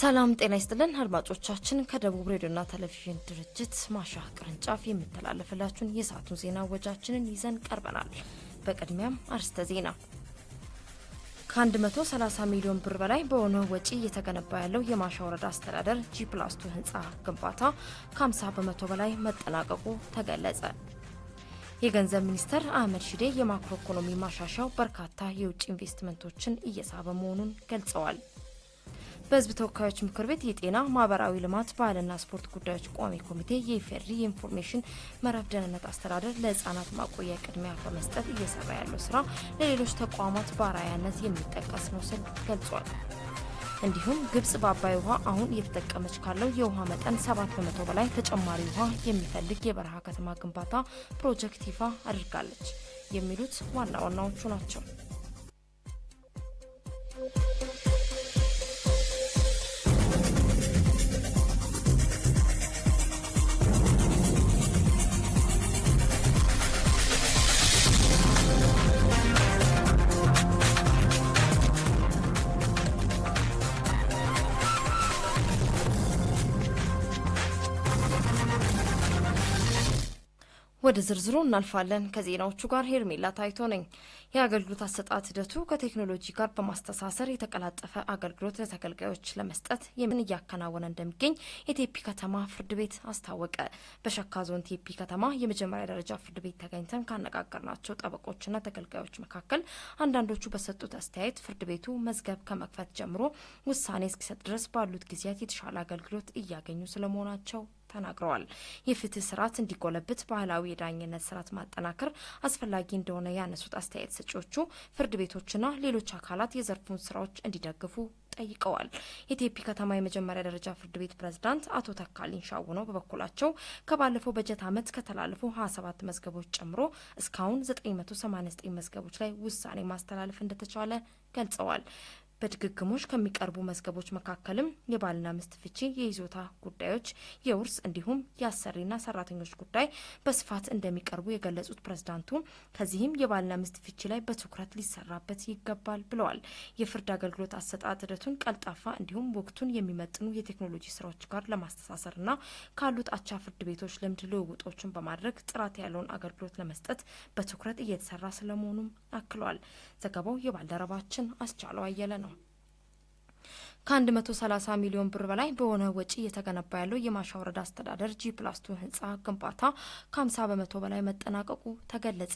ሰላም ጤና ይስጥልን አድማጮቻችን፣ ከደቡብ ሬዲዮና ቴሌቪዥን ድርጅት ማሻ ቅርንጫፍ የሚተላለፍላችሁን የሰዓቱን ዜና ወጃችንን ይዘን ቀርበናል። በቅድሚያም አርስተ ዜና። ከ130 ሚሊዮን ብር በላይ በሆነ ወጪ እየተገነባ ያለው የማሻ ወረዳ አስተዳደር ጂ ህንፃ ግንባታ ከ50 በመቶ በላይ መጠናቀቁ ተገለጸ። የገንዘብ ሚኒስተር አህመድ ሽዴ የማክሮ ኢኮኖሚ ማሻሻው በርካታ የውጭ ኢንቨስትመንቶችን እየሳበ መሆኑን ገልጸዋል። በህዝብ ተወካዮች ምክር ቤት የጤና ማህበራዊ ልማት ባህልና ስፖርት ጉዳዮች ቋሚ ኮሚቴ የኢፌድሪ የኢንፎርሜሽን መረብ ደህንነት አስተዳደር ለህጻናት ማቆያ ቅድሚያ በመስጠት እየሰራ ያለው ስራ ለሌሎች ተቋማት በአርአያነት የሚጠቀስ ነው ስል ገልጿል። እንዲሁም ግብጽ በአባይ ውሃ አሁን እየተጠቀመች ካለው የውሃ መጠን ሰባት በመቶ በላይ ተጨማሪ ውሃ የሚፈልግ የበረሃ ከተማ ግንባታ ፕሮጀክት ይፋ አድርጋለች። የሚሉት ዋና ዋናዎቹ ናቸው። ወደ ዝርዝሩ እናልፋለን። ከዜናዎቹ ጋር ሄርሜላ ታይቶ ነኝ። የአገልግሎት አሰጣት ሂደቱ ከቴክኖሎጂ ጋር በማስተሳሰር የተቀላጠፈ አገልግሎት ለተገልጋዮች ለመስጠት የምን እያከናወነ እንደሚገኝ የቴፒ ከተማ ፍርድ ቤት አስታወቀ። በሸካ ዞን ቴፒ ከተማ የመጀመሪያ ደረጃ ፍርድ ቤት ተገኝተን ካነጋገርናቸው ጠበቆችና ተገልጋዮች መካከል አንዳንዶቹ በሰጡት አስተያየት ፍርድ ቤቱ መዝገብ ከመክፈት ጀምሮ ውሳኔ እስኪሰጥ ድረስ ባሉት ጊዜያት የተሻለ አገልግሎት እያገኙ ስለመሆናቸው ተናግረዋል። የፍትህ ስርዓት እንዲጎለብት ባህላዊ የዳኝነት ስርዓት ማጠናከር አስፈላጊ እንደሆነ ያነሱት አስተያየት ሰጪዎቹ ፍርድ ቤቶችና ሌሎች አካላት የዘርፉን ስራዎች እንዲደግፉ ጠይቀዋል። የቴፒ ከተማ የመጀመሪያ ደረጃ ፍርድ ቤት ፕሬዝዳንት አቶ ተካሊን ሻውነው በበኩላቸው ከባለፈው በጀት ዓመት ከተላለፉ 27 መዝገቦች ጨምሮ እስካሁን 989 መዝገቦች ላይ ውሳኔ ማስተላለፍ እንደተቻለ ገልጸዋል። በድግግሞች ከሚቀርቡ መዝገቦች መካከልም የባልና ሚስት ፍቺ፣ የይዞታ ጉዳዮች፣ የውርስ እንዲሁም የአሰሪና ሰራተኞች ጉዳይ በስፋት እንደሚቀርቡ የገለጹት ፕሬዝዳንቱ ከዚህም የባልና ሚስት ፍቺ ላይ በትኩረት ሊሰራበት ይገባል ብለዋል። የፍርድ አገልግሎት አሰጣጥ ሂደቱን ቀልጣፋ እንዲሁም ወቅቱን የሚመጥኑ የቴክኖሎጂ ስራዎች ጋር ለማስተሳሰርና ካሉት አቻ ፍርድ ቤቶች ልምድ ልውውጦችን በማድረግ ጥራት ያለውን አገልግሎት ለመስጠት በትኩረት እየተሰራ ስለመሆኑም አክለዋል። ዘገባው የባልደረባችን አስቻለው አየለ ነው። ከ130 ሚሊዮን ብር በላይ በሆነ ወጪ እየተገነባ ያለው የማሻ ወረዳ አስተዳደር ጂ ፕላስቱ ህንፃ ግንባታ ከ50 በመቶ በላይ መጠናቀቁ ተገለጸ።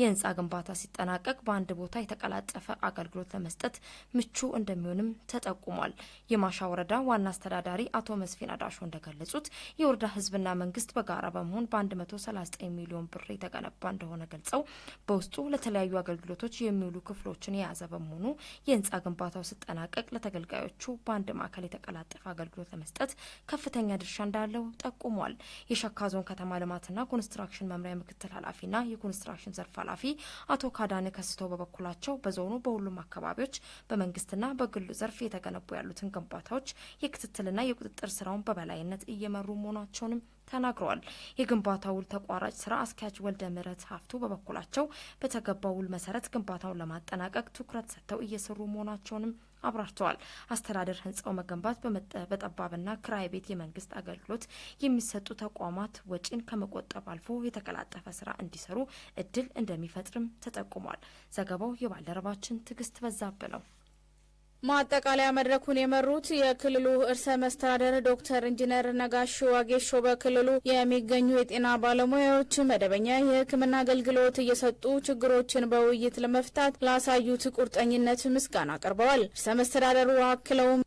የህንፃ ግንባታ ሲጠናቀቅ በአንድ ቦታ የተቀላጠፈ አገልግሎት ለመስጠት ምቹ እንደሚሆንም ተጠቁሟል። የማሻ ወረዳ ዋና አስተዳዳሪ አቶ መስፍን አዳሾ እንደገለጹት የወረዳ ህዝብና መንግስት በጋራ በመሆን በ139 ሚሊዮን ብር የተገነባ እንደሆነ ገልጸው በውስጡ ለተለያዩ አገልግሎቶች የሚውሉ ክፍሎችን የያዘ በመሆኑ የህንፃ ግንባታው ሲጠናቀቅ ለተገልጋዮቹ በአንድ ማዕከል የተቀላጠፈ አገልግሎት ለመስጠት ከፍተኛ ድርሻ እንዳለው ጠቁሟል። የሸካ ዞን ከተማ ልማትና ኮንስትራክሽን መምሪያ ምክትል ኃላፊና የኮንስትራክሽን ዘርፍ ኃላፊ አቶ ካዳነ ከስቶ በበኩላቸው በዞኑ በሁሉም አካባቢዎች በመንግስትና በግሉ ዘርፍ የተገነቡ ያሉትን ግንባታዎች የክትትልና የቁጥጥር ስራውን በበላይነት እየመሩ መሆናቸውንም ተናግረዋል። የግንባታ ውል ተቋራጭ ስራ አስኪያጅ ወልደ ምረት ሀፍቱ በበኩላቸው በተገባው ውል መሰረት ግንባታውን ለማጠናቀቅ ትኩረት ሰጥተው እየሰሩ መሆናቸውንም አብራርተዋል። አስተዳደር ህንፃው መገንባት በጠባብና ክራይ ቤት የመንግስት አገልግሎት የሚሰጡ ተቋማት ወጪን ከመቆጠብ አልፎ የተቀላጠፈ ስራ እንዲሰሩ እድል እንደሚፈጥርም ተጠቁሟል። ዘገባው የባልደረባችን ትዕግስት በዛብ ነው። ማጠቃለያ መድረኩን የመሩት የክልሉ እርሰ መስተዳደር ዶክተር ኢንጂነር ነጋሽ ዋጌሾ በክልሉ የሚገኙ የጤና ባለሙያዎች መደበኛ የሕክምና አገልግሎት እየሰጡ ችግሮችን በውይይት ለመፍታት ላሳዩት ቁርጠኝነት ምስጋና አቅርበዋል። እርሰ መስተዳደሩ አክለውም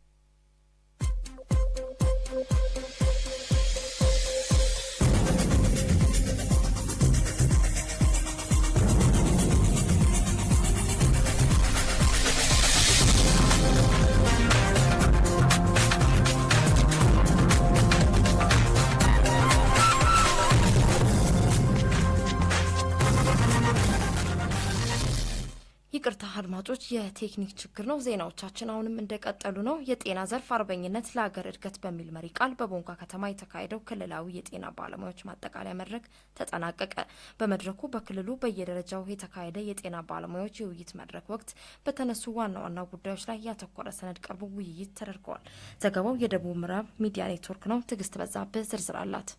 አድማጮች የቴክኒክ ችግር ነው። ዜናዎቻችን አሁንም እንደቀጠሉ ነው። የጤና ዘርፍ አርበኝነት ለሀገር እድገት በሚል መሪ ቃል በቦንጋ ከተማ የተካሄደው ክልላዊ የጤና ባለሙያዎች ማጠቃለያ መድረክ ተጠናቀቀ። በመድረኩ በክልሉ በየደረጃው የተካሄደ የጤና ባለሙያዎች የውይይት መድረክ ወቅት በተነሱ ዋና ዋና ጉዳዮች ላይ ያተኮረ ሰነድ ቀርቦ ውይይት ተደርገዋል። ዘገባው የደቡብ ምዕራብ ሚዲያ ኔትወርክ ነው። ትዕግስት በዛብህ ዝርዝር አላት።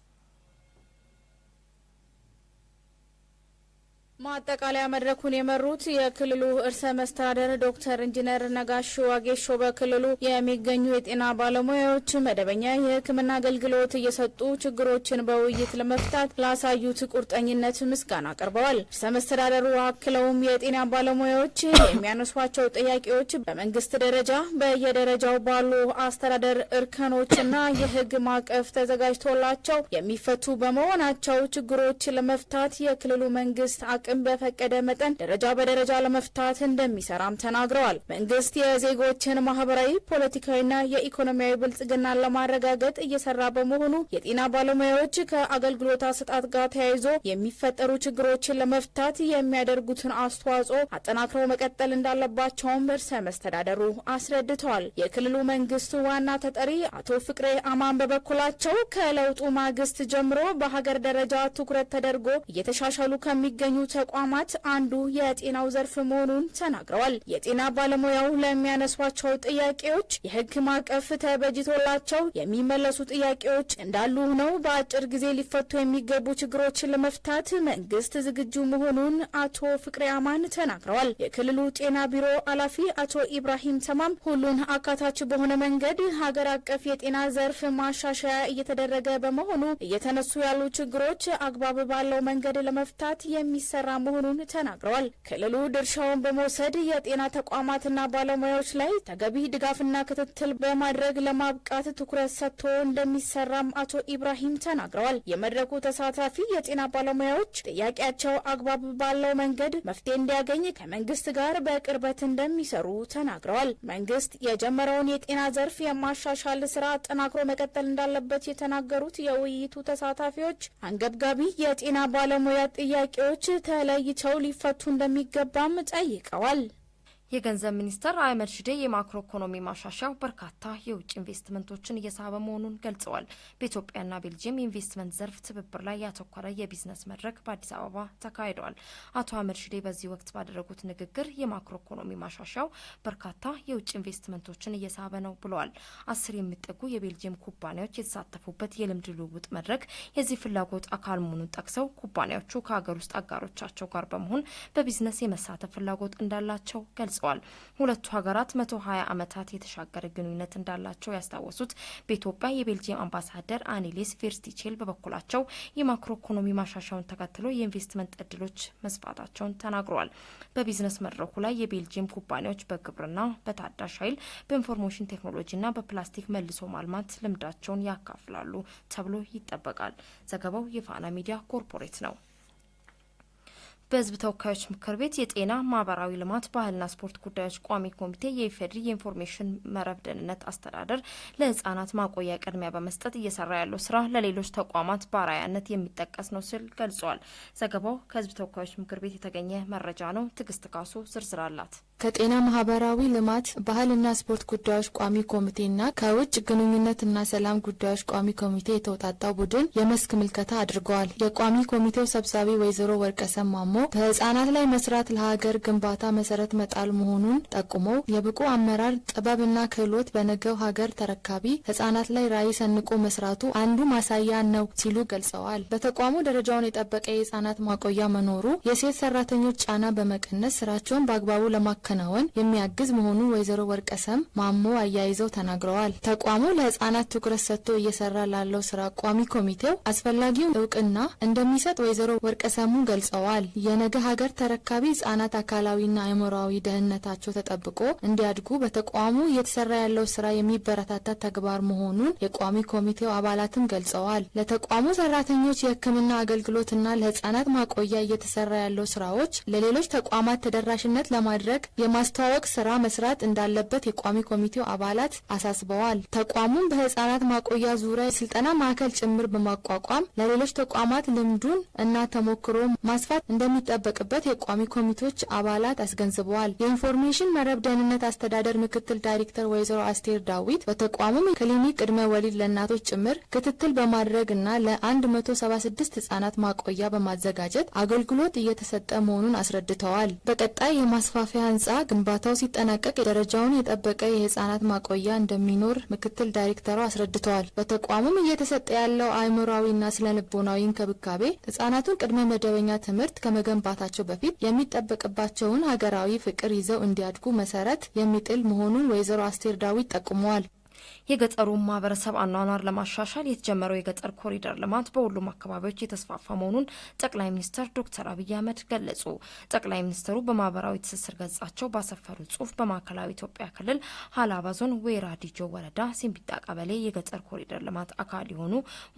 ማጠቃለያ መድረኩን የመሩት የክልሉ እርሰ መስተዳደር ዶክተር ኢንጂነር ነጋሽ ዋጌሾ በክልሉ የሚገኙ የጤና ባለሙያዎች መደበኛ የሕክምና አገልግሎት እየሰጡ ችግሮችን በውይይት ለመፍታት ላሳዩት ቁርጠኝነት ምስጋና አቅርበዋል። እርሰ መስተዳደሩ አክለውም የጤና ባለሙያዎች የሚያነሷቸው ጥያቄዎች በመንግስት ደረጃ በየደረጃው ባሉ አስተዳደር እርከኖችና የህግ ማዕቀፍ ተዘጋጅቶላቸው የሚፈቱ በመሆናቸው ችግሮች ለመፍታት የክልሉ መንግስት አቅ አቅም በፈቀደ መጠን ደረጃ በደረጃ ለመፍታት እንደሚሰራም ተናግረዋል። መንግስት የዜጎችን ማህበራዊ፣ ፖለቲካዊና የኢኮኖሚያዊ ብልጽግናን ለማረጋገጥ እየሰራ በመሆኑ የጤና ባለሙያዎች ከአገልግሎት አሰጣጥ ጋር ተያይዞ የሚፈጠሩ ችግሮችን ለመፍታት የሚያደርጉትን አስተዋጽኦ አጠናክረው መቀጠል እንዳለባቸውም እርሰ መስተዳደሩ አስረድተዋል። የክልሉ መንግስት ዋና ተጠሪ አቶ ፍቅሬ አማን በበኩላቸው ከለውጡ ማግስት ጀምሮ በሀገር ደረጃ ትኩረት ተደርጎ እየተሻሻሉ ከሚገኙ ተቋማት አንዱ የጤናው ዘርፍ መሆኑን ተናግረዋል። የጤና ባለሙያው ለሚያነሷቸው ጥያቄዎች የህግ ማዕቀፍ ተበጅቶላቸው የሚመለሱ ጥያቄዎች እንዳሉ ሆነው በአጭር ጊዜ ሊፈቱ የሚገቡ ችግሮችን ለመፍታት መንግስት ዝግጁ መሆኑን አቶ ፍቅሬ አማን ተናግረዋል። የክልሉ ጤና ቢሮ ኃላፊ አቶ ኢብራሂም ተማም ሁሉን አካታች በሆነ መንገድ ሀገር አቀፍ የጤና ዘርፍ ማሻሻያ እየተደረገ በመሆኑ እየተነሱ ያሉ ችግሮች አግባብ ባለው መንገድ ለመፍታት የሚሰራ ስራ መሆኑን ተናግረዋል። ክልሉ ድርሻውን በመውሰድ የጤና ተቋማትና ባለሙያዎች ላይ ተገቢ ድጋፍና ክትትል በማድረግ ለማብቃት ትኩረት ሰጥቶ እንደሚሰራም አቶ ኢብራሂም ተናግረዋል። የመድረኩ ተሳታፊ የጤና ባለሙያዎች ጥያቄያቸው አግባብ ባለው መንገድ መፍትሄ እንዲያገኝ ከመንግስት ጋር በቅርበት እንደሚሰሩ ተናግረዋል። መንግስት የጀመረውን የጤና ዘርፍ የማሻሻል ስራ አጠናክሮ መቀጠል እንዳለበት የተናገሩት የውይይቱ ተሳታፊዎች አንገብጋቢ የጤና ባለሙያ ጥያቄዎች ተ ተለይተው ሊፈቱ እንደሚገባም ጠይቀዋል። የገንዘብ ሚኒስትር አህመድ ሽዴ የማክሮ ኢኮኖሚ ማሻሻያው በርካታ የውጭ ኢንቨስትመንቶችን እየሳበ መሆኑን ገልጸዋል። በኢትዮጵያና ቤልጅየም የኢንቨስትመንት ዘርፍ ትብብር ላይ ያተኮረ የቢዝነስ መድረክ በአዲስ አበባ ተካሂደዋል። አቶ አህመድ ሽዴ በዚህ ወቅት ባደረጉት ንግግር የማክሮ ኢኮኖሚ ማሻሻያው በርካታ የውጭ ኢንቨስትመንቶችን እየሳበ ነው ብለዋል። አስር የሚጠጉ የቤልጅየም ኩባንያዎች የተሳተፉበት የልምድ ልውውጥ መድረክ የዚህ ፍላጎት አካል መሆኑን ጠቅሰው ኩባንያዎቹ ከሀገር ውስጥ አጋሮቻቸው ጋር በመሆን በቢዝነስ የመሳተፍ ፍላጎት እንዳላቸው ገልጸዋል። ገልጸዋል። ሁለቱ ሀገራት መቶ ሀያ ዓመታት የተሻገረ ግንኙነት እንዳላቸው ያስታወሱት በኢትዮጵያ የቤልጅየም አምባሳደር አኔሌስ ቬርስቲቼል በበኩላቸው የማክሮ ኢኮኖሚ ማሻሻውን ተከትሎ የኢንቨስትመንት እድሎች መስፋታቸውን ተናግረዋል። በቢዝነስ መድረኩ ላይ የቤልጅየም ኩባንያዎች በግብርና፣ በታዳሽ ኃይል፣ በኢንፎርሜሽን ቴክኖሎጂና በፕላስቲክ መልሶ ማልማት ልምዳቸውን ያካፍላሉ ተብሎ ይጠበቃል። ዘገባው የፋና ሚዲያ ኮርፖሬት ነው። በህዝብ ተወካዮች ምክር ቤት የጤና ማህበራዊ ልማት ባህልና ስፖርት ጉዳዮች ቋሚ ኮሚቴ የኢፌዴሪ የኢንፎርሜሽን መረብ ደህንነት አስተዳደር ለህጻናት ማቆያ ቅድሚያ በመስጠት እየሰራ ያለው ስራ ለሌሎች ተቋማት ባራያነት የሚጠቀስ ነው ሲል ገልጿል። ዘገባው ከህዝብ ተወካዮች ምክር ቤት የተገኘ መረጃ ነው። ትዕግስት ካሱ ዝርዝር አላት። ከጤና ማህበራዊ ልማት ባህልና ስፖርት ጉዳዮች ቋሚ ኮሚቴና ከውጭ ግንኙነትና ሰላም ጉዳዮች ቋሚ ኮሚቴ የተውጣጣው ቡድን የመስክ ምልከታ አድርገዋል። የቋሚ ኮሚቴው ሰብሳቢ ወይዘሮ ወርቀሰም ማሞ በህጻናት ላይ መስራት ለሀገር ግንባታ መሰረት መጣል መሆኑን ጠቁመው የብቁ አመራር ጥበብና ክህሎት በነገው ሀገር ተረካቢ ህጻናት ላይ ራዕይ ሰንቆ መስራቱ አንዱ ማሳያ ነው ሲሉ ገልጸዋል። በተቋሙ ደረጃውን የጠበቀ የህጻናት ማቆያ መኖሩ የሴት ሰራተኞች ጫና በመቀነስ ስራቸውን በአግባቡ ለማካ ለማከናወን የሚያግዝ መሆኑን ወይዘሮ ወርቀሰም ማሞ አያይዘው ተናግረዋል። ተቋሙ ለህጻናት ትኩረት ሰጥቶ እየሰራ ላለው ስራ ቋሚ ኮሚቴው አስፈላጊውን እውቅና እንደሚሰጥ ወይዘሮ ወርቀሰሙ ገልጸዋል። የነገ ሀገር ተረካቢ ህጻናት አካላዊና አእምሯዊ ደህንነታቸው ተጠብቆ እንዲያድጉ በተቋሙ እየተሰራ ያለው ስራ የሚበረታታ ተግባር መሆኑን የቋሚ ኮሚቴው አባላትም ገልጸዋል። ለተቋሙ ሰራተኞች የህክምና አገልግሎትና ለህጻናት ማቆያ እየተሰራ ያለው ስራዎች ለሌሎች ተቋማት ተደራሽነት ለማድረግ የማስተዋወቅ ስራ መስራት እንዳለበት የቋሚ ኮሚቴው አባላት አሳስበዋል። ተቋሙም በህጻናት ማቆያ ዙሪያ የስልጠና ማዕከል ጭምር በማቋቋም ለሌሎች ተቋማት ልምዱን እና ተሞክሮ ማስፋት እንደሚጠበቅበት የቋሚ ኮሚቴዎች አባላት አስገንዝበዋል። የኢንፎርሜሽን መረብ ደህንነት አስተዳደር ምክትል ዳይሬክተር ወይዘሮ አስቴር ዳዊት በተቋሙም ክሊኒክ ቅድመ ወሊድ ለእናቶች ጭምር ክትትል በማድረግ እና ለ176 ህጻናት ማቆያ በማዘጋጀት አገልግሎት እየተሰጠ መሆኑን አስረድተዋል። በቀጣይ የማስፋፊያ ህንጻ ህንፃ ግንባታው ሲጠናቀቅ ደረጃውን የጠበቀ የህፃናት ማቆያ እንደሚኖር ምክትል ዳይሬክተሯ አስረድተዋል። በተቋሙም እየተሰጠ ያለው አእምሯዊና ስነ ልቦናዊ እንክብካቤ ህጻናቱን ቅድመ መደበኛ ትምህርት ከመገንባታቸው በፊት የሚጠበቅባቸውን ሀገራዊ ፍቅር ይዘው እንዲያድጉ መሰረት የሚጥል መሆኑን ወይዘሮ አስቴር ዳዊት ጠቁመዋል። የገጠሩን ማህበረሰብ አኗኗር ለማሻሻል የተጀመረው የገጠር ኮሪደር ልማት በሁሉም አካባቢዎች የተስፋፋ መሆኑን ጠቅላይ ሚኒስትር ዶክተር አብይ አህመድ ገለጹ። ጠቅላይ ሚኒስትሩ በማህበራዊ ትስስር ገጻቸው ባሰፈሩ ጽሁፍ በማዕከላዊ ኢትዮጵያ ክልል ሀላባ ዞን ወይራ ዲጆ ወረዳ ሲምቢጣ ቀበሌ የገጠር ኮሪደር ልማት አካል የሆኑ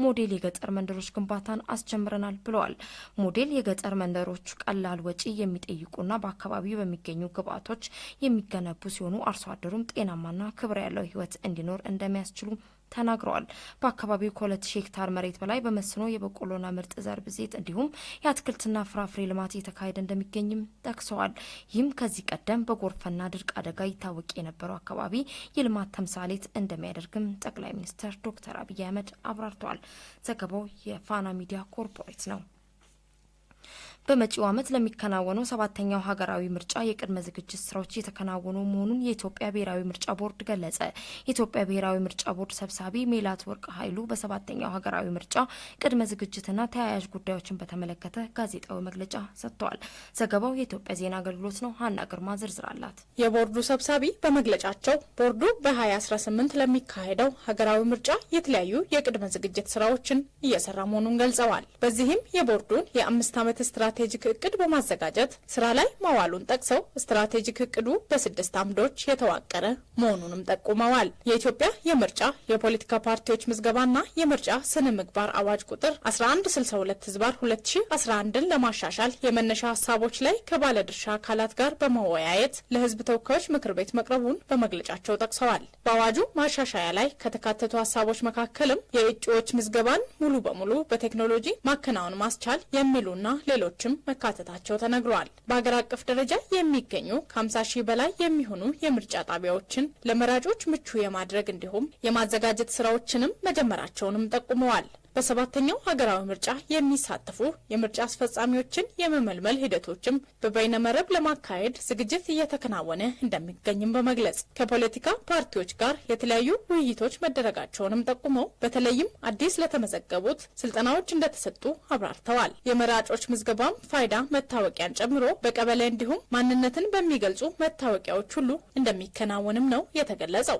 ሞዴል የገጠር መንደሮች ግንባታን አስጀምረናል ብለዋል። ሞዴል የገጠር መንደሮች ቀላል ወጪ የሚጠይቁና በአካባቢው በሚገኙ ግብዓቶች የሚገነቡ ሲሆኑ አርሶ አደሩም ጤናማና ክብር ያለው ህይወት እንዲኖር እንደሚያስችሉ ተናግረዋል። በአካባቢው ከሁለት ሺህ ሄክታር መሬት በላይ በመስኖ የበቆሎና ምርጥ ዘር ብዜት እንዲሁም የአትክልትና ፍራፍሬ ልማት እየተካሄደ እንደሚገኝም ጠቅሰዋል። ይህም ከዚህ ቀደም በጎርፍና ድርቅ አደጋ ይታወቅ የነበረው አካባቢ የልማት ተምሳሌት እንደሚያደርግም ጠቅላይ ሚኒስትር ዶክተር አብይ አህመድ አብራርተዋል። ዘገባው የፋና ሚዲያ ኮርፖሬት ነው። በመጪው ዓመት ለሚከናወነው ሰባተኛው ሀገራዊ ምርጫ የቅድመ ዝግጅት ስራዎች እየተከናወኑ መሆኑን የኢትዮጵያ ብሔራዊ ምርጫ ቦርድ ገለጸ። የኢትዮጵያ ብሔራዊ ምርጫ ቦርድ ሰብሳቢ ሜላት ወርቅ ኃይሉ በሰባተኛው ሀገራዊ ምርጫ ቅድመ ዝግጅትና ተያያዥ ጉዳዮችን በተመለከተ ጋዜጣዊ መግለጫ ሰጥተዋል። ዘገባው የኢትዮጵያ ዜና አገልግሎት ነው። ሀና ግርማ ዝርዝር አላት። የቦርዱ ሰብሳቢ በመግለጫቸው ቦርዱ በ2018 ለሚካሄደው ሀገራዊ ምርጫ የተለያዩ የቅድመ ዝግጅት ስራዎችን እየሰራ መሆኑን ገልጸዋል። በዚህም የቦርዱን የአምስት ዓመት ስትራ ስትራቴጂክ እቅድ በማዘጋጀት ስራ ላይ ማዋሉን ጠቅሰው ስትራቴጂክ እቅዱ በስድስት አምዶች የተዋቀረ መሆኑንም ጠቁመዋል። የኢትዮጵያ የምርጫ የፖለቲካ ፓርቲዎች ምዝገባና የምርጫ ስነ ምግባር አዋጅ ቁጥር 1162 ህዝባር 2011ን ለማሻሻል የመነሻ ሀሳቦች ላይ ከባለድርሻ አካላት ጋር በመወያየት ለህዝብ ተወካዮች ምክር ቤት መቅረቡን በመግለጫቸው ጠቅሰዋል። በአዋጁ ማሻሻያ ላይ ከተካተቱ ሀሳቦች መካከልም የእጩዎች ምዝገባን ሙሉ በሙሉ በቴክኖሎጂ ማከናወን ማስቻል የሚሉና ሌሎች ዜጎችም መካተታቸው ተነግሯል። በሀገር አቀፍ ደረጃ የሚገኙ ከ50 ሺህ በላይ የሚሆኑ የምርጫ ጣቢያዎችን ለመራጮች ምቹ የማድረግ እንዲሁም የማዘጋጀት ስራዎችንም መጀመራቸውንም ጠቁመዋል። በሰባተኛው ሀገራዊ ምርጫ የሚሳተፉ የምርጫ አስፈጻሚዎችን የመመልመል ሂደቶችም በበይነመረብ ለማካሄድ ዝግጅት እየተከናወነ እንደሚገኝም በመግለጽ ከፖለቲካ ፓርቲዎች ጋር የተለያዩ ውይይቶች መደረጋቸውንም ጠቁመው በተለይም አዲስ ለተመዘገቡት ስልጠናዎች እንደተሰጡ አብራርተዋል። የመራጮች ምዝገባም ፋይዳ መታወቂያን ጨምሮ በቀበሌ እንዲሁም ማንነትን በሚገልጹ መታወቂያዎች ሁሉ እንደሚከናወንም ነው የተገለጸው።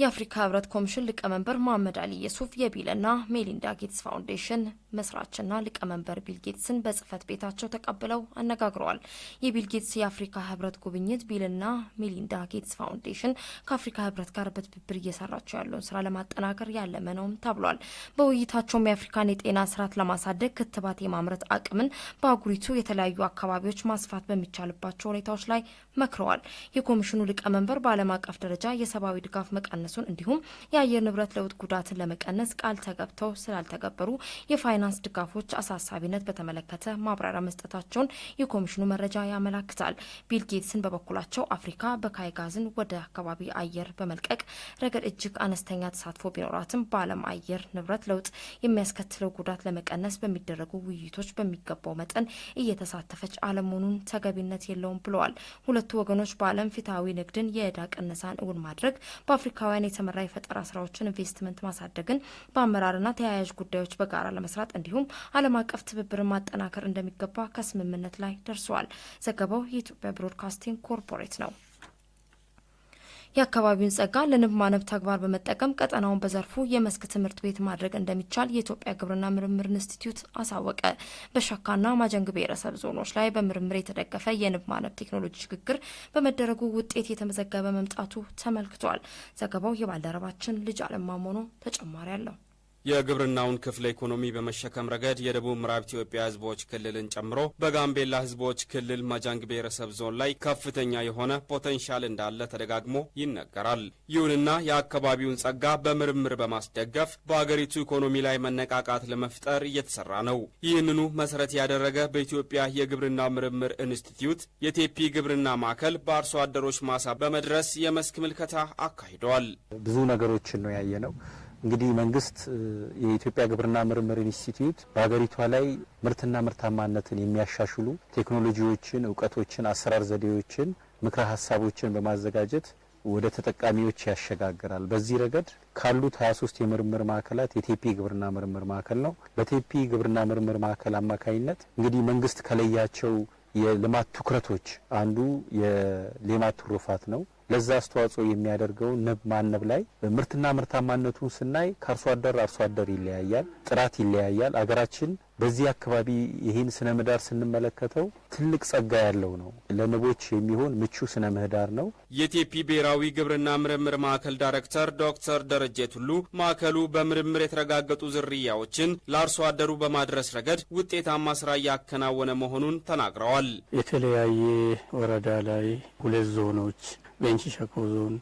የአፍሪካ ህብረት ኮሚሽን ሊቀመንበር መሐመድ አሊ የሱፍ የቢልና ሜሊንዳ ጌትስ ፋውንዴሽን መስራችና ሊቀመንበር ቢል ጌትስን በጽህፈት ቤታቸው ተቀብለው አነጋግረዋል። የቢል ጌትስ የአፍሪካ ህብረት ጉብኝት ቢልና ሜሊንዳ ጌትስ ፋውንዴሽን ከአፍሪካ ህብረት ጋር በትብብር እየሰራቸው ያለውን ስራ ለማጠናከር ያለመ ነውም ተብሏል። በውይይታቸውም የአፍሪካን የጤና ስርዓት ለማሳደግ ክትባት የማምረት አቅምን በአህጉሪቱ የተለያዩ አካባቢዎች ማስፋት በሚቻልባቸው ሁኔታዎች ላይ መክረዋል። የኮሚሽኑ ሊቀመንበር በዓለም አቀፍ ደረጃ የሰብአዊ ድጋፍ መቀነስ መቀነሱን እንዲሁም የአየር ንብረት ለውጥ ጉዳትን ለመቀነስ ቃል ተገብተው ስላልተገበሩ የፋይናንስ ድጋፎች አሳሳቢነት በተመለከተ ማብራሪያ መስጠታቸውን የኮሚሽኑ መረጃ ያመላክታል። ቢል ጌትስን በበኩላቸው አፍሪካ በካይ ጋዝን ወደ አካባቢ አየር በመልቀቅ ረገድ እጅግ አነስተኛ ተሳትፎ ቢኖራትም በዓለም አየር ንብረት ለውጥ የሚያስከትለው ጉዳት ለመቀነስ በሚደረጉ ውይይቶች በሚገባው መጠን እየተሳተፈች አለመሆኑን ተገቢነት የለውም ብለዋል። ሁለቱ ወገኖች በዓለም ፊታዊ ንግድን፣ የዕዳ ቅነሳን እውን ማድረግ፣ በአፍሪካ በአፍሪካውያን የተመራ የፈጠራ ስራዎችን ኢንቨስትመንት ማሳደግን በአመራርና ተያያዥ ጉዳዮች በጋራ ለመስራት እንዲሁም ዓለም አቀፍ ትብብር ማጠናከር እንደሚገባ ከስምምነት ላይ ደርሰዋል። ዘገባው የኢትዮጵያ ብሮድካስቲንግ ኮርፖሬት ነው። የአካባቢውን ጸጋ ለንብ ማነብ ተግባር በመጠቀም ቀጠናውን በዘርፉ የመስክ ትምህርት ቤት ማድረግ እንደሚቻል የኢትዮጵያ ግብርና ምርምር ኢንስቲትዩት አሳወቀ። በሻካና ማጀንግ ብሔረሰብ ዞኖች ላይ በምርምር የተደገፈ የንብ ማነብ ቴክኖሎጂ ሽግግር በመደረጉ ውጤት የተመዘገበ መምጣቱ ተመልክቷል። ዘገባው የባልደረባችን ልጅ አለማሞኖ ተጨማሪ አለው። የግብርናውን ክፍለ ኢኮኖሚ በመሸከም ረገድ የደቡብ ምዕራብ ኢትዮጵያ ህዝቦች ክልልን ጨምሮ በጋምቤላ ሕዝቦች ክልል ማጃንግ ብሔረሰብ ዞን ላይ ከፍተኛ የሆነ ፖቴንሻል እንዳለ ተደጋግሞ ይነገራል። ይሁንና የአካባቢውን ጸጋ በምርምር በማስደገፍ በአገሪቱ ኢኮኖሚ ላይ መነቃቃት ለመፍጠር እየተሰራ ነው። ይህንኑ መሰረት ያደረገ በኢትዮጵያ የግብርና ምርምር ኢንስቲትዩት የቴፒ ግብርና ማዕከል በአርሶ አደሮች ማሳ በመድረስ የመስክ ምልከታ አካሂደዋል። ብዙ ነገሮችን ነው ያየ ነው እንግዲህ መንግስት የኢትዮጵያ ግብርና ምርምር ኢንስቲትዩት በሀገሪቷ ላይ ምርትና ምርታማነትን የሚያሻሽሉ ቴክኖሎጂዎችን፣ እውቀቶችን፣ አሰራር ዘዴዎችን፣ ምክረ ሀሳቦችን በማዘጋጀት ወደ ተጠቃሚዎች ያሸጋግራል። በዚህ ረገድ ካሉት 23 የምርምር ማዕከላት የቴፒ ግብርና ምርምር ማዕከል ነው። በቴፒ ግብርና ምርምር ማዕከል አማካኝነት እንግዲህ መንግስት ከለያቸው የልማት ትኩረቶች አንዱ የሌማት ትሩፋት ነው። ለዛ አስተዋጽኦ የሚያደርገው ንብ ማነብ ላይ ምርትና ምርታማነቱን ስናይ ከአርሶ አደር አርሶ አደር ይለያያል፣ ጥራት ይለያያል። አገራችን በዚህ አካባቢ ይህን ስነ ምህዳር ስንመለከተው ትልቅ ጸጋ ያለው ነው። ለንቦች የሚሆን ምቹ ስነ ምህዳር ነው። የቴፒ ብሔራዊ ግብርና ምርምር ማዕከል ዳይሬክተር ዶክተር ደረጀ ቱሉ ማዕከሉ በምርምር የተረጋገጡ ዝርያዎችን ለአርሶ አደሩ በማድረስ ረገድ ውጤታማ ስራ እያከናወነ መሆኑን ተናግረዋል። የተለያየ ወረዳ ላይ ሁለት ዞኖች ቤንች ሸኮ ዞን፣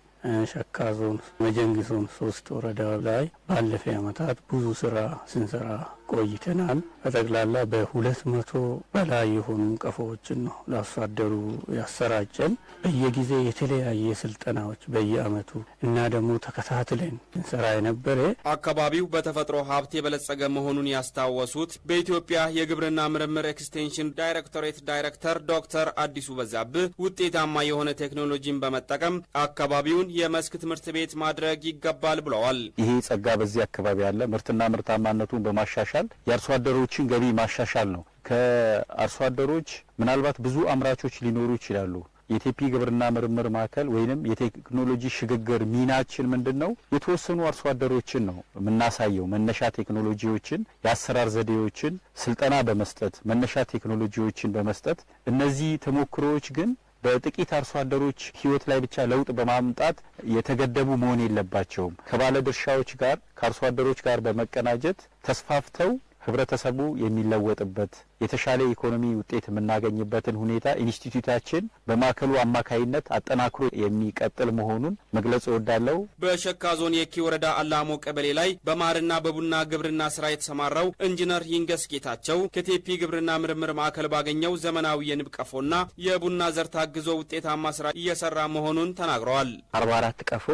ሸካ ዞን፣ መጀንግ ዞን ሶስት ወረዳ ላይ ባለፈ አመታት ብዙ ስራ ስንሰራ ቆይተናል። በጠቅላላ በሁለት መቶ በላይ የሆኑ ቀፎዎችን ነው ለአርሶ አደሩ ያሰራጨን። በየጊዜ የተለያየ ስልጠናዎች በየአመቱ እና ደግሞ ተከታትለን እንሰራ የነበረ አካባቢው በተፈጥሮ ሀብት የበለጸገ መሆኑን ያስታወሱት በኢትዮጵያ የግብርና ምርምር ኤክስቴንሽን ዳይሬክቶሬት ዳይሬክተር ዶክተር አዲሱ በዛብህ ውጤታማ የሆነ ቴክኖሎጂን በመጠቀም አካባቢውን የመስክ ትምህርት ቤት ማድረግ ይገባል ብለዋል። ይሄ ጸጋ በዚህ አካባቢ ያለ ምርትና ምርታማነቱን በማሻሻል ማሻሻል የአርሶ አደሮችን ገቢ ማሻሻል ነው። ከአርሶ አደሮች ምናልባት ብዙ አምራቾች ሊኖሩ ይችላሉ። የቴፒ ግብርና ምርምር ማዕከል ወይንም የቴክኖሎጂ ሽግግር ሚናችን ምንድን ነው? የተወሰኑ አርሶ አደሮችን ነው የምናሳየው። መነሻ ቴክኖሎጂዎችን፣ የአሰራር ዘዴዎችን ስልጠና በመስጠት መነሻ ቴክኖሎጂዎችን በመስጠት እነዚህ ተሞክሮዎች ግን በጥቂት አርሶ አደሮች ህይወት ላይ ብቻ ለውጥ በማምጣት የተገደቡ መሆን የለባቸውም። ከባለ ድርሻዎች ጋር ከአርሶ አደሮች ጋር በመቀናጀት ተስፋፍተው ህብረተሰቡ የሚለወጥበት የተሻለ ኢኮኖሚ ውጤት የምናገኝበትን ሁኔታ ኢንስቲትዩታችን በማዕከሉ አማካይነት አጠናክሮ የሚቀጥል መሆኑን መግለጽ እወዳለሁ። በሸካ ዞን የኪ ወረዳ አላሞ ቀበሌ ላይ በማርና በቡና ግብርና ስራ የተሰማራው ኢንጂነር ይንገስ ጌታቸው ከቴፒ ግብርና ምርምር ማዕከል ባገኘው ዘመናዊ የንብ ቀፎና የቡና ዘር ታግዞ ውጤታማ ስራ እየሰራ መሆኑን ተናግረዋል። አርባ አራት ቀፎ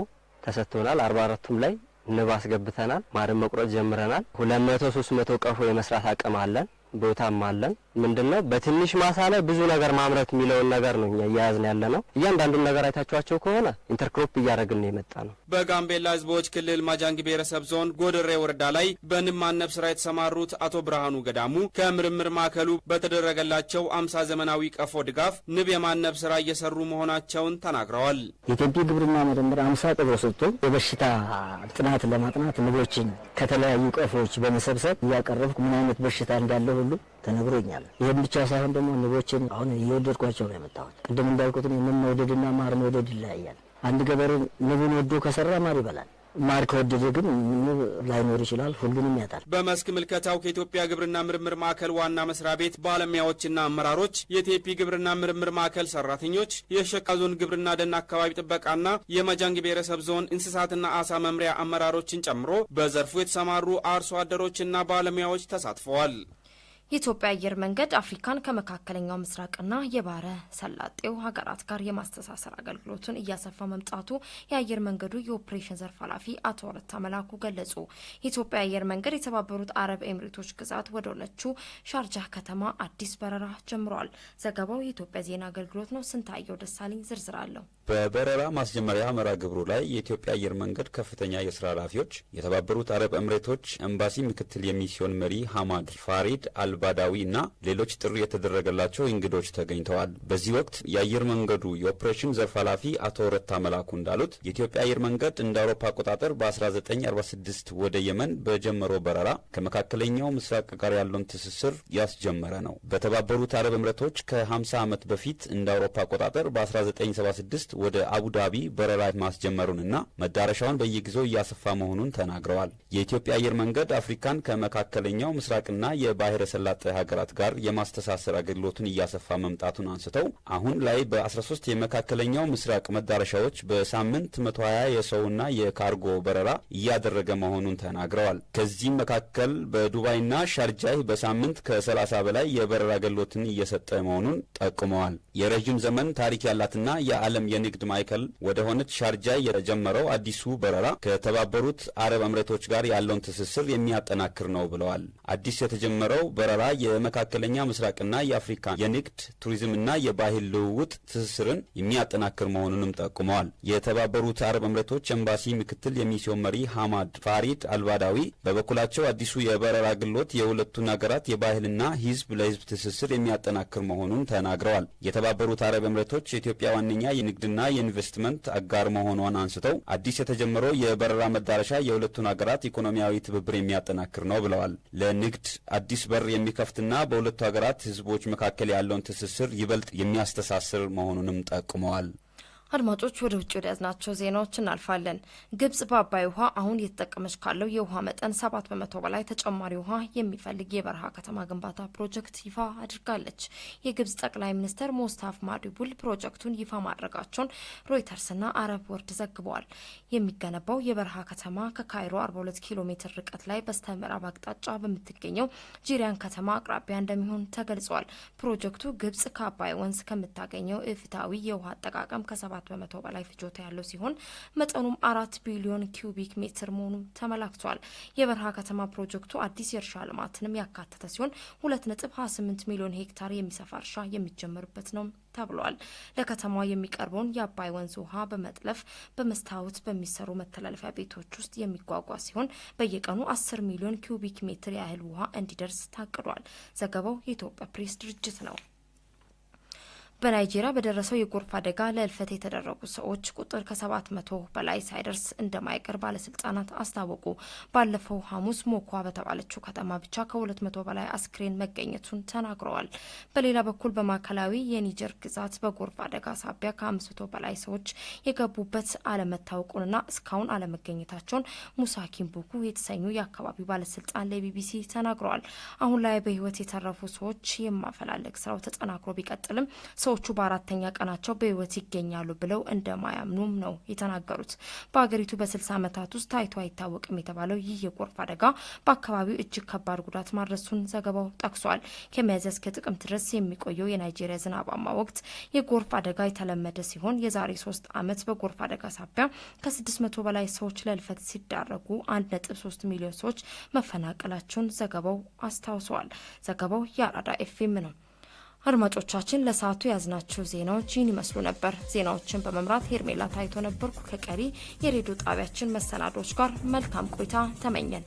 ተሰጥቶናል። አርባ አራቱም ላይ ንብ አስገብተናል። ማድን መቁረጥ ጀምረናል። ሁለት መቶ ሶስት መቶ ቀፎ የመስራት አቅም አለን። ቦታም አለን። ምንድነው በትንሽ ማሳ ላይ ብዙ ነገር ማምረት የሚለውን ነገር ነው እኛ እያያዝን ያለ ነው። እያንዳንዱን ነገር አይታችኋቸው ከሆነ ኢንተርክሮፕ እያደረግን የመጣ ነው። በጋምቤላ ህዝቦች ክልል ማጃንግ ብሔረሰብ ዞን ጎደሬ ወረዳ ላይ በንብ ማነብ ስራ የተሰማሩት አቶ ብርሃኑ ገዳሙ ከምርምር ማዕከሉ በተደረገላቸው አምሳ ዘመናዊ ቀፎ ድጋፍ ንብ የማነብ ስራ እየሰሩ መሆናቸውን ተናግረዋል። የኢትዮጵያ ግብርና መደመር አምሳ ቀፎ ሰጥቶ የበሽታ ጥናት ለማጥናት ንቦችን ከተለያዩ ቀፎዎች በመሰብሰብ እያቀረብኩ ምን አይነት በሽታ እንዳለው ሁሉ ተነግሮኛል። ይህም ብቻ ሳይሆን ደግሞ ንቦችን አሁን እየወደድኳቸው ነው የመጣሁት። ቅድም እንዳልኩት ምን መውደድና ማር መውደድ ይለያያል። አንድ ገበሬ ንቡን ወዶ ከሰራ ማር ይበላል። ማር ከወደደ ግን ንብ ላይኖር ይችላል፣ ሁሉንም ያጣል። በመስክ ምልከታው ከኢትዮጵያ ግብርና ምርምር ማዕከል ዋና መስሪያ ቤት ባለሙያዎችና አመራሮች፣ የቴፒ ግብርና ምርምር ማዕከል ሰራተኞች፣ የሸካ ዞን ግብርና ደን አካባቢ ጥበቃና የመጃንግ ብሔረሰብ ዞን እንስሳትና አሳ መምሪያ አመራሮችን ጨምሮ በዘርፉ የተሰማሩ አርሶ አደሮችና ባለሙያዎች ተሳትፈዋል። የኢትዮጵያ አየር መንገድ አፍሪካን ከመካከለኛው ምስራቅና የባህረ ሰላጤው ሀገራት ጋር የማስተሳሰር አገልግሎትን እያሰፋ መምጣቱ የአየር መንገዱ የኦፕሬሽን ዘርፍ ኃላፊ አቶ ወረታ መላኩ ገለጹ። የኢትዮጵያ አየር መንገድ የተባበሩት አረብ ኤምሬቶች ግዛት ወደ ሆነችው ሻርጃ ከተማ አዲስ በረራ ጀምሯል። ዘገባው የኢትዮጵያ ዜና አገልግሎት ነው። ስንታየው ደሳለኝ ዝርዝር አለው። በበረራ ማስጀመሪያ መርሃ ግብሩ ላይ የኢትዮጵያ አየር መንገድ ከፍተኛ የስራ ኃላፊዎች፣ የተባበሩት አረብ ኤምሬቶች ኤምባሲ ምክትል የሚስዮን መሪ ሐማድ ፋሪድ አልባዳዊ እና ሌሎች ጥሪ የተደረገላቸው እንግዶች ተገኝተዋል። በዚህ ወቅት የአየር መንገዱ የኦፕሬሽን ዘርፍ ኃላፊ አቶ ረታ መላኩ እንዳሉት የኢትዮጵያ አየር መንገድ እንደ አውሮፓ አቆጣጠር በ1946 ወደ የመን በጀመረው በረራ ከመካከለኛው ምስራቅ ጋር ያለውን ትስስር ያስጀመረ ነው። በተባበሩት አረብ ኤምሬቶች ከ50 ዓመት በፊት እንደ አውሮፓ አቆጣጠር በ1976 ወደ አቡዳቢ በረራ ማስጀመሩንና መዳረሻውን በየጊዜው እያሰፋ መሆኑን ተናግረዋል። የኢትዮጵያ አየር መንገድ አፍሪካን ከመካከለኛው ምስራቅና የባህረ ሰላጤ ሀገራት ጋር የማስተሳሰር አገልግሎትን እያሰፋ መምጣቱን አንስተው አሁን ላይ በ13 የመካከለኛው ምስራቅ መዳረሻዎች በሳምንት 120 የሰውና የካርጎ በረራ እያደረገ መሆኑን ተናግረዋል። ከዚህም መካከል በዱባይና ሻርጃይ በሳምንት ከ30 በላይ የበረራ አገልግሎትን እየሰጠ መሆኑን ጠቁመዋል። የረዥም ዘመን ታሪክ ያላትና የዓለም የንግድ ማዕከል ወደ ሆነች ሻርጃ የተጀመረው አዲሱ በረራ ከተባበሩት አረብ እምረቶች ጋር ያለውን ትስስር የሚያጠናክር ነው ብለዋል። አዲስ የተጀመረው በረራ የመካከለኛ ምስራቅና የአፍሪካ የንግድ ቱሪዝምና የባህል ልውውጥ ትስስርን የሚያጠናክር መሆኑንም ጠቁመዋል። የተባበሩት አረብ እምረቶች ኤምባሲ ምክትል የሚስዮን መሪ ሐማድ ፋሪድ አልባዳዊ በበኩላቸው አዲሱ የበረራ ግሎት የሁለቱን ሀገራት የባህልና ህዝብ ለህዝብ ትስስር የሚያጠናክር መሆኑን ተናግረዋል። የተባበሩት አረብ እምረቶች የኢትዮጵያ ዋነኛ የንግድ የንግድና የኢንቨስትመንት አጋር መሆኗን አንስተው አዲስ የተጀመረው የበረራ መዳረሻ የሁለቱን ሀገራት ኢኮኖሚያዊ ትብብር የሚያጠናክር ነው ብለዋል። ለንግድ አዲስ በር የሚከፍትና በሁለቱ ሀገራት ህዝቦች መካከል ያለውን ትስስር ይበልጥ የሚያስተሳስር መሆኑንም ጠቁመዋል። አድማጮች ወደ ውጭ ያዝናቸው ዜናዎች እናልፋለን። ግብጽ በአባይ ውሃ አሁን እየተጠቀመች ካለው የውሃ መጠን ሰባት በመቶ በላይ ተጨማሪ ውሃ የሚፈልግ የበረሃ ከተማ ግንባታ ፕሮጀክት ይፋ አድርጋለች። የግብጽ ጠቅላይ ሚኒስትር ሞስታፍ ማዲቡል ፕሮጀክቱን ይፋ ማድረጋቸውን ሮይተርስና አረብ ወርድ ዘግበዋል። የሚገነባው የበረሃ ከተማ ከካይሮ 42 ኪሎ ሜትር ርቀት ላይ በስተ ምዕራብ አቅጣጫ በምትገኘው ጂሪያን ከተማ አቅራቢያ እንደሚሆን ተገልጿል። ፕሮጀክቱ ግብጽ ከአባይ ወንዝ ከምታገኘው እፍታዊ የውሃ አጠቃቀም ከሰባት ከ በመቶ በላይ ፍጆታ ያለው ሲሆን መጠኑም አራት ቢሊዮን ኪዩቢክ ሜትር መሆኑ ተመላክቷል። የበረሃ ከተማ ፕሮጀክቱ አዲስ የእርሻ ልማትንም ያካተተ ሲሆን 2.28 ሚሊዮን ሄክታር የሚሰፋ እርሻ የሚጀመርበት ነው ተብሏል። ለከተማዋ የሚቀርበውን የአባይ ወንዝ ውሃ በመጥለፍ በመስታወት በሚሰሩ መተላለፊያ ቤቶች ውስጥ የሚጓጓ ሲሆን በየቀኑ 10 ሚሊዮን ኪዩቢክ ሜትር ያህል ውሃ እንዲደርስ ታቅዷል። ዘገባው የኢትዮጵያ ፕሬስ ድርጅት ነው። በናይጄሪያ በደረሰው የጎርፍ አደጋ ለእልፈት የተደረጉ ሰዎች ቁጥር ከሰባት መቶ በላይ ሳይደርስ እንደማይቀር ባለስልጣናት አስታወቁ። ባለፈው ሐሙስ ሞኳ በተባለችው ከተማ ብቻ ከሁለት መቶ በላይ አስክሬን መገኘቱን ተናግረዋል። በሌላ በኩል በማዕከላዊ የኒጀር ግዛት በጎርፍ አደጋ ሳቢያ ከአምስት መቶ በላይ ሰዎች የገቡበት አለመታወቁንና እስካሁን አለመገኘታቸውን ሙሳ ኪምቡኩ የተሰኙ የአካባቢው ባለስልጣን ለቢቢሲ ተናግረዋል። አሁን ላይ በህይወት የተረፉ ሰዎች የማፈላለግ ስራው ተጠናክሮ ቢቀጥልም ሰዎቹ በአራተኛ ቀናቸው በህይወት ይገኛሉ ብለው እንደማያምኑም ነው የተናገሩት። በሀገሪቱ በስልሳ ዓመታት ውስጥ ታይቶ አይታወቅም የተባለው ይህ የጎርፍ አደጋ በአካባቢው እጅግ ከባድ ጉዳት ማድረሱን ዘገባው ጠቅሷል። ከሚያዝያ እስከ ጥቅምት ድረስ የሚቆየው የናይጄሪያ ዝናባማ ወቅት የጎርፍ አደጋ የተለመደ ሲሆን የዛሬ ሶስት ዓመት በጎርፍ አደጋ ሳቢያ ከስድስት መቶ በላይ ሰዎች ለልፈት ሲዳረጉ አንድ ነጥብ ሶስት ሚሊዮን ሰዎች መፈናቀላቸውን ዘገባው አስታውሰዋል። ዘገባው የአራዳ ኤፍኤም ነው። አድማጮቻችን ለሰዓቱ ያዝናቸው ዜናዎች ይህን ይመስሉ ነበር። ዜናዎችን በመምራት ሄርሜላ ታይቶ ነበርኩ። ከቀሪ የሬዲዮ ጣቢያችን መሰናዶች ጋር መልካም ቆይታ ተመኘን።